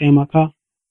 É marcar?